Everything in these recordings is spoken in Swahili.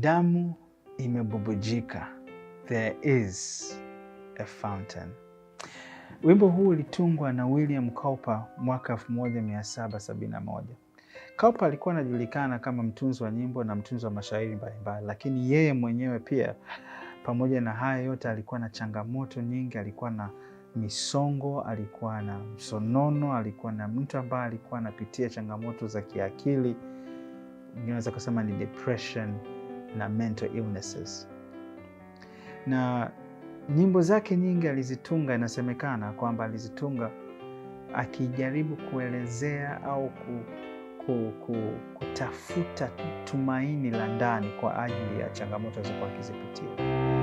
Damu imebubujika, there is a fountain. Wimbo huu ulitungwa na William Cowper mwaka 1771. Kaupa alikuwa anajulikana kama mtunzi wa nyimbo na mtunzi wa mashairi mbalimbali, lakini yeye mwenyewe pia, pamoja na haya yote, alikuwa na changamoto nyingi, alikuwa na misongo, alikuwa na msonono, alikuwa na mtu ambaye alikuwa anapitia changamoto za kiakili, inaweza kusema ni depression na mental illnesses. Na nyimbo zake nyingi alizitunga, inasemekana kwamba alizitunga akijaribu kuelezea au ku ku, ku, kutafuta tumaini la ndani kwa ajili ya changamoto alizokuwa akizipitia.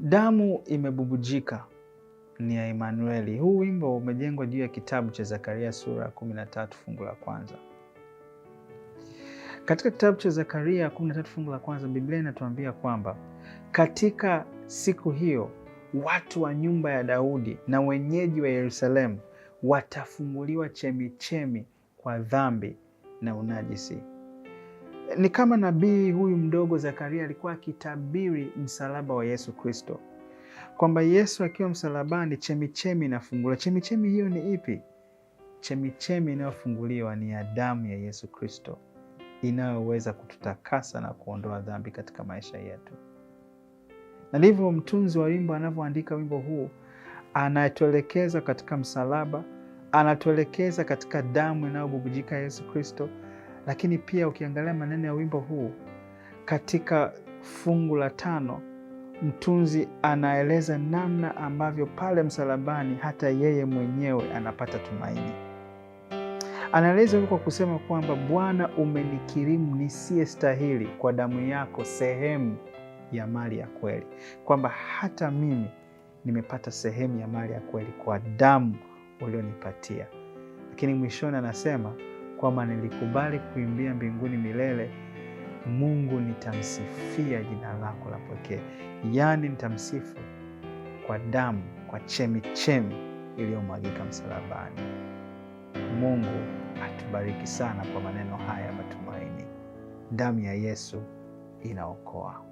Damu imebubujika ni ya Emanueli. Huu wimbo umejengwa juu ya kitabu cha Zakaria sura ya 13 fungu la kwanza. Katika kitabu cha Zakaria 13 fungu la kwanza, Biblia inatuambia kwamba katika siku hiyo watu wa nyumba ya Daudi na wenyeji wa Yerusalemu watafunguliwa chemichemi kwa dhambi na unajisi. Ni kama nabii huyu mdogo Zakaria alikuwa akitabiri msalaba wa Yesu Kristo, kwamba Yesu akiwa msalabani chemichemi inafunguliwa. Chemichemi hiyo ni ipi? Chemichemi inayofunguliwa ni ya damu ya Yesu Kristo inayoweza kututakasa na kuondoa dhambi katika maisha yetu. Na ndivyo mtunzi wa wimbo anavyoandika wimbo huu, anatuelekeza katika msalaba, anatuelekeza katika damu inayobubujika Yesu Kristo, lakini pia ukiangalia maneno ya wimbo huu katika fungu la tano, mtunzi anaeleza namna ambavyo pale msalabani hata yeye mwenyewe anapata tumaini. Anaeleza hivi kwa kusema kwamba Bwana, umenikirimu nisiye stahili kwa damu yako sehemu ya mali ya kweli, kwamba hata mimi nimepata sehemu ya mali ya kweli kwa damu ulionipatia. Lakini mwishoni anasema kwamba nilikubali kuimbia mbinguni milele. Mungu, nitamsifia jina lako la pekee, yaani nitamsifu kwa damu, kwa chemichemi iliyomwagika msalabani. Mungu atubariki sana kwa maneno haya matumaini. Damu ya Yesu inaokoa.